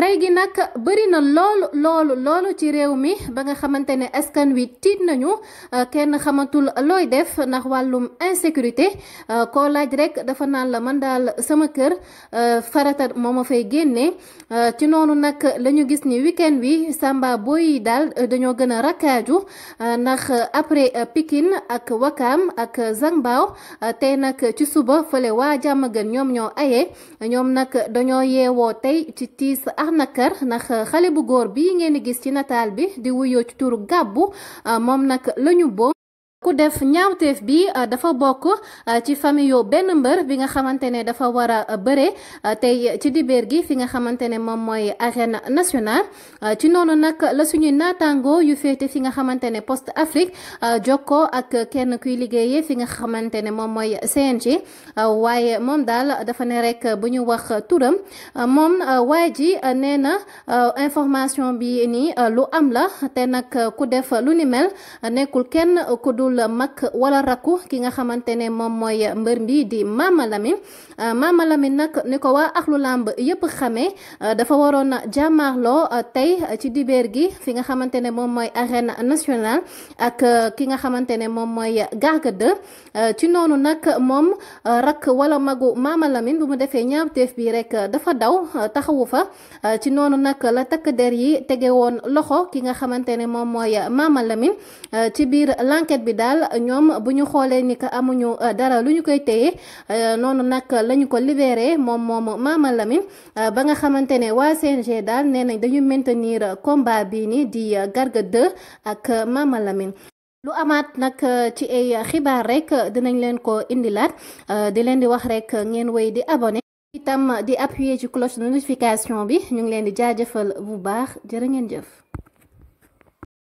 rey gi nag bëri na loolu loolu loolu ci réew mi ba nga xamante ne askan wi tiit nañu euh, kenn xamatul looy def ndax wàllum insécurité euh, koo laaj rek dafa naan la man daal sama kër euh, farata moo ma fay génnee ci noonu nag la gis ni week-end wi samba booy yi daal dañoo gën a rakkaaju ndax après pikin ak Wakaam ak Zangbaw tey nag ci suba fële waa jàmm gën ñoom ñoo aye ñoom nag dañoo yeewoo tey ci tiis arnaqueur ndax xale bu góor bi ngeen gis ci nataal bi di wuyoo ci turu gàbbu moom nag lañu boom ku def ñaawteef bi euh, dafa bokk euh, ci famille yoo benn mbër bi nga xamante ne dafa war a euh, bëre tey ci dibeer gi fi nga xamante ne moom mooy arène nationale ci noonu nag la suñuy naataango yu féete fi nga xamante ne post Afrique jokkoo ak kenn kuy liggéeyee fi nga xamante ne moom mooy CNG waaye moom daal dafa ne rek bu ñu wax turam moom waaye ji nee na information bi nii lu am la te nag ku def lu ni mel nekkul kenn ku nekkul mag wala rakku ki nga xamante ne moom mooy mbër bi di Mama Lamine euh, Mama Lamine nag ni ko waa axlu làmb yëpp xame euh, dafa waroon jàmmaarloo euh, tey ci dibeer gi fi nga xamante ne moom mooy arène nationale ak ki nga xamante ne moom mooy Garga 2 ci noonu nag moom rakk wala magu maamalamin bu mu defee ñaawteef bi rek dafa daw taxawu fa ci noonu nag la takk der yi tege woon loxo ki nga xamante ne moom mooy Mama ci biir l'enquête bi daal ñoom bu ñu xoolee ni que amuñu euh, dara lu ñu koy téye euh, noonu nag lañu ko libéré moom moom Mama euh, ba nga xamante ne waa CNG daal nee nañ dañu maintenir combat bii ni di Garga 2 ak Mama lu amaat nag ci ay xibaar rek dinañ leen ko indilaat di leen di wax rek ngeen wéy di abonné itam di appuyer ci cloche de notification bi ñu ngi leen di jaajëfal bu baax jërë ngeen jëf